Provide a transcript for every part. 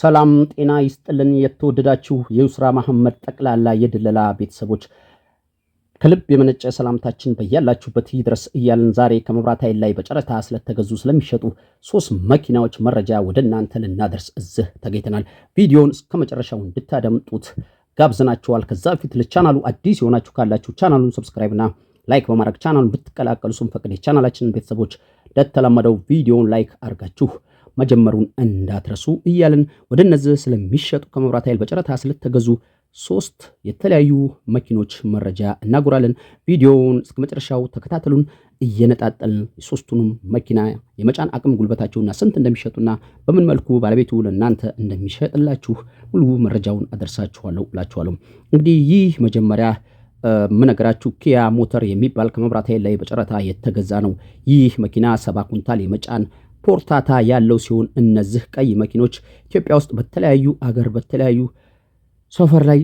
ሰላም ጤና ይስጥልን። የተወደዳችሁ የዩስራ መሐመድ ጠቅላላ የድለላ ቤተሰቦች ከልብ የመነጨ ሰላምታችን በያላችሁበት ይድረስ እያልን ዛሬ ከመብራት ኃይል ላይ በጨረታ ስለተገዙ ስለሚሸጡ ሶስት መኪናዎች መረጃ ወደ እናንተ ልናደርስ እዚህ ተገኝተናል። ቪዲዮውን እስከ መጨረሻው እንድታደምጡት ጋብዘናችኋል። ከዛ በፊት ለቻናሉ አዲስ የሆናችሁ ካላችሁ ቻናሉን ሰብስክራይብና ላይክ በማድረግ ቻናሉን ብትቀላቀሉ ስንፈቅድ የቻናላችንን ቤተሰቦች እንደተለመደው ቪዲዮውን ላይክ አድርጋችሁ መጀመሩን እንዳትረሱ እያልን ወደ እነዚህ ስለሚሸጡ ከመብራት ኃይል በጨረታ ስለተገዙ ሶስት የተለያዩ መኪኖች መረጃ እናጎራለን። ቪዲዮውን እስከ መጨረሻው ተከታተሉን። እየነጣጠልን የሶስቱንም መኪና የመጫን አቅም ጉልበታቸውና ስንት እንደሚሸጡና በምን መልኩ ባለቤቱ ለእናንተ እንደሚሸጥላችሁ ሙሉ መረጃውን አደርሳችኋለሁ እላችኋለሁ። እንግዲህ ይህ መጀመሪያ ምነግራችሁ ኪያ ሞተር የሚባል ከመብራት ኃይል ላይ በጨረታ የተገዛ ነው። ይህ መኪና ሰባ ኩንታል የመጫን ፖርታታ ያለው ሲሆን እነዚህ ቀይ መኪኖች ኢትዮጵያ ውስጥ በተለያዩ አገር በተለያዩ ሰፈር ላይ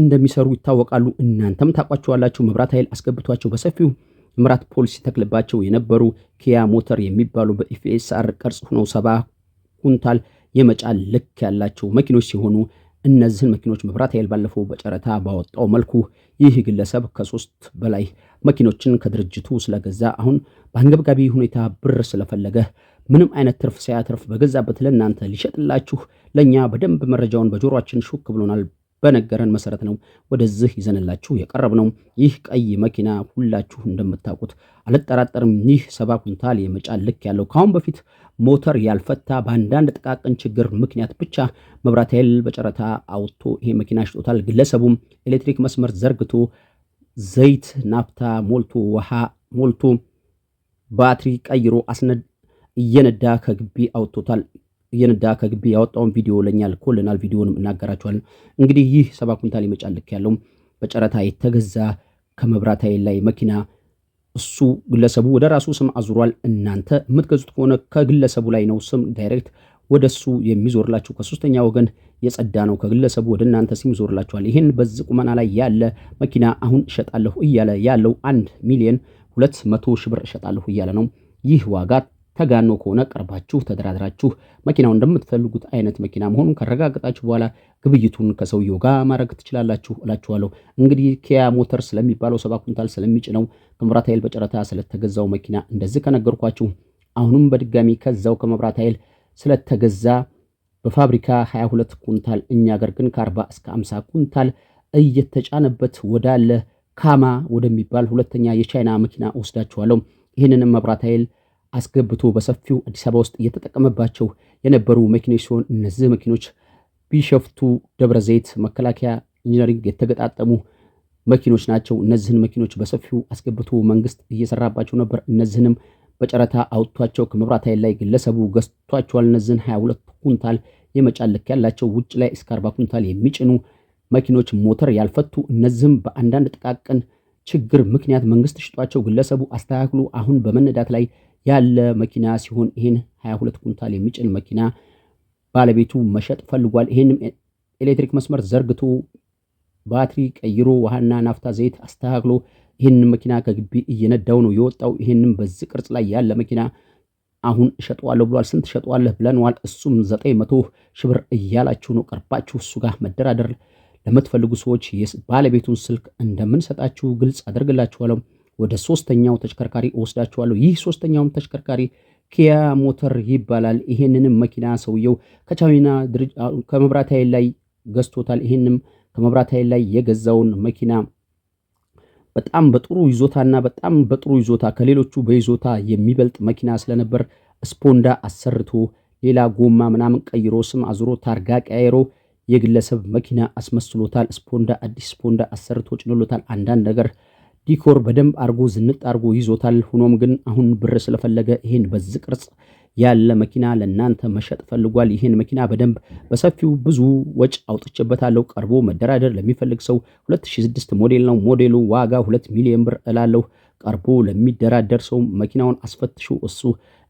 እንደሚሰሩ ይታወቃሉ። እናንተም ታውቋቸዋላችሁ። መብራት ኃይል አስገብቷቸው በሰፊው መብራት ፖሊሲ ተክልባቸው የነበሩ ኪያ ሞተር የሚባሉ በኤፍኤስአር ቅርጽ ሆነው ሰባ ኩንታል የመጫን ልክ ያላቸው መኪኖች ሲሆኑ እነዚህን መኪኖች መብራት ኃይል ባለፈው በጨረታ ባወጣው መልኩ ይህ ግለሰብ ከሶስት በላይ መኪኖችን ከድርጅቱ ስለገዛ አሁን በአንገብጋቢ ሁኔታ ብር ስለፈለገ ምንም አይነት ትርፍ ሳያትርፍ በገዛበት ለእናንተ ሊሸጥላችሁ ለእኛ በደንብ መረጃውን በጆሮችን ሹክ ብሎናል በነገረን መሰረት ነው ወደዚህ ይዘንላችሁ የቀረብ ነው። ይህ ቀይ መኪና ሁላችሁ እንደምታውቁት አልጠራጠርም። ይህ ሰባ ኩንታል የመጫን ልክ ያለው ከአሁን በፊት ሞተር ያልፈታ በአንዳንድ ጥቃቅን ችግር ምክንያት ብቻ መብራት ኃይል በጨረታ አውጥቶ ይሄ መኪና ሽጦታል። ግለሰቡም ኤሌክትሪክ መስመር ዘርግቶ ዘይት ናፍታ ሞልቶ ውሃ ሞልቶ ባትሪ ቀይሮ አስነ እየነዳ ከግቢ አውጥቶታል። እየነዳ ከግቢ ያወጣውን ቪዲዮ ለእኛ ልኮልናል። ቪዲዮንም እናገራቸዋል። እንግዲህ ይህ ሰባ ኩንታል ይመጫል ልክ በጨረታ የተገዛ ከመብራት ኃይል ላይ መኪና እሱ ግለሰቡ ወደ ራሱ ስም አዙሯል። እናንተ የምትገዙት ከሆነ ከግለሰቡ ላይ ነው ስም ዳይሬክት ወደ እሱ የሚዞርላችሁ ከሶስተኛ ወገን የጸዳ ነው። ከግለሰቡ ወደ እናንተ ስም ይዞርላችኋል። ይህን በዚህ ቁመና ላይ ያለ መኪና አሁን እሸጣለሁ እያለ ያለው አንድ ሚሊዮን ሁለት መቶ ሺህ ብር እሸጣለሁ እያለ ነው። ይህ ዋጋ ተጋኖ ከሆነ ቀርባችሁ ተደራድራችሁ መኪናው እንደምትፈልጉት አይነት መኪና መሆኑን ካረጋገጣችሁ በኋላ ግብይቱን ከሰውየው ጋር ማድረግ ትችላላችሁ እላችኋለሁ። እንግዲህ ኪያ ሞተር ስለሚባለው ሰባ ኩንታል ስለሚጭነው ከመብራት ኃይል በጨረታ ስለተገዛው መኪና እንደዚህ ከነገርኳችሁ፣ አሁንም በድጋሚ ከዛው ከመብራት ኃይል ስለተገዛ በፋብሪካ 22 ኩንታል እኛ ገር ግን ከ40 እስከ 50 ኩንታል እየተጫነበት ወዳለ ካማ ወደሚባል ሁለተኛ የቻይና መኪና ወስዳችኋለሁ። ይህንንም መብራት ኃይል አስገብቶ በሰፊው አዲስ አበባ ውስጥ እየተጠቀመባቸው የነበሩ መኪኖች ሲሆን እነዚህ መኪኖች ቢሸፍቱ፣ ደብረ ዘይት መከላከያ ኢንጂነሪንግ የተገጣጠሙ መኪኖች ናቸው። እነዚህን መኪኖች በሰፊው አስገብቶ መንግስት እየሰራባቸው ነበር። እነዚህንም በጨረታ አውጥቷቸው ከመብራት ኃይል ላይ ግለሰቡ ገዝቷቸዋል። እነዚህን 22 ኩንታል የመጫን ልክ ያላቸው ውጭ ላይ እስከ 40 ኩንታል የሚጭኑ መኪኖች ሞተር ያልፈቱ እነዚህም በአንዳንድ ጥቃቅን ችግር ምክንያት መንግስት ሽጧቸው ግለሰቡ አስተካክሎ አሁን በመነዳት ላይ ያለ መኪና ሲሆን ይህን 22 ኩንታል የሚጭን መኪና ባለቤቱ መሸጥ ፈልጓል። ይህንም ኤሌክትሪክ መስመር ዘርግቶ ባትሪ ቀይሮ ውሃና ናፍታ ዘይት አስተካክሎ ይህንን መኪና ከግቢ እየነዳው ነው የወጣው። ይህንም በዚህ ቅርጽ ላይ ያለ መኪና አሁን እሸጠዋለሁ ብሏል። ስንት እሸጠዋለህ ብለንዋል። እሱም ዘጠኝ መቶ ሺህ ብር እያላችሁ ነው። ቀርባችሁ እሱ ጋር መደራደር ለምትፈልጉ ሰዎች ባለቤቱን ስልክ እንደምንሰጣችሁ ግልጽ አደርግላችኋለሁ። ወደ ሶስተኛው ተሽከርካሪ እወስዳችኋለሁ። ይህ ሶስተኛውም ተሽከርካሪ ኪያ ሞተር ይባላል። ይሄንንም መኪና ሰውየው ከቻይና ከመብራት ኃይል ላይ ገዝቶታል። ይሄንም ከመብራት ኃይል ላይ የገዛውን መኪና በጣም በጥሩ ይዞታና በጣም በጥሩ ይዞታ ከሌሎቹ በይዞታ የሚበልጥ መኪና ስለነበር ስፖንዳ አሰርቶ ሌላ ጎማ ምናምን ቀይሮ ስም አዙሮ ታርጋ ቀያይሮ የግለሰብ መኪና አስመስሎታል። ስፖንዳ አዲስ ስፖንዳ አሰርቶ ጭኖሎታል። አንዳንድ ነገር ዲኮር በደንብ አርጎ ዝንጥ አርጎ ይዞታል። ሆኖም ግን አሁን ብር ስለፈለገ ይሄን በዚህ ቅርጽ ያለ መኪና ለእናንተ መሸጥ ፈልጓል። ይህን መኪና በደንብ በሰፊው ብዙ ወጭ አውጥቼበታለሁ። ቀርቦ መደራደር ለሚፈልግ ሰው 2006 ሞዴል ነው። ሞዴሉ ዋጋ 2 ሚሊዮን ብር እላለሁ። ቀርቦ ለሚደራደር ሰው መኪናውን አስፈትሹ እሱ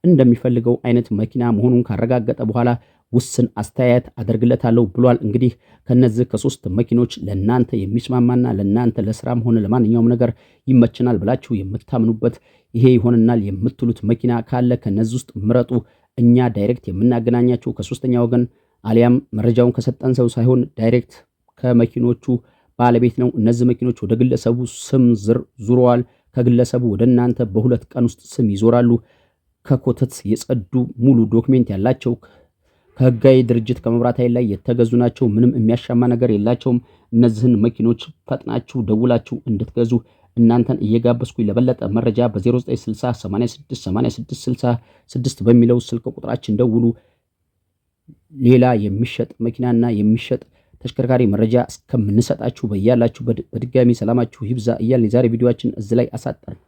እንደሚፈልገው አይነት መኪና መሆኑን ካረጋገጠ በኋላ ውስን አስተያየት አደርግለታለሁ ብሏል። እንግዲህ ከነዚህ ከሶስት መኪኖች ለእናንተ የሚስማማና ለእናንተ ለስራም ሆነ ለማንኛውም ነገር ይመችናል ብላችሁ የምታምኑበት ይሄ ይሆንናል የምትሉት መኪና ካለ ከነዚህ ውስጥ ምረጡ። እኛ ዳይሬክት የምናገናኛችሁ ከሶስተኛ ወገን አሊያም መረጃውን ከሰጠን ሰው ሳይሆን ዳይሬክት ከመኪኖቹ ባለቤት ነው። እነዚህ መኪኖች ወደ ግለሰቡ ስም ዝር ዙረዋል። ከግለሰቡ ወደ እናንተ በሁለት ቀን ውስጥ ስም ይዞራሉ። ከኮተት የጸዱ ሙሉ ዶክሜንት ያላቸው ከህጋዊ ድርጅት ከመብራት ኃይል ላይ የተገዙ ናቸው። ምንም የሚያሻማ ነገር የላቸውም። እነዚህን መኪኖች ፈጥናችሁ ደውላችሁ እንድትገዙ እናንተን እየጋበዝኩኝ ለበለጠ መረጃ በ0960868666 በሚለው ስልክ ቁጥራችን ደውሉ። ሌላ የሚሸጥ መኪናና የሚሸጥ ተሽከርካሪ መረጃ እስከምንሰጣችሁ በያላችሁ በድጋሚ ሰላማችሁ ይብዛ እያልን የዛሬ ቪዲዮችን እዚህ ላይ አሳጠርን።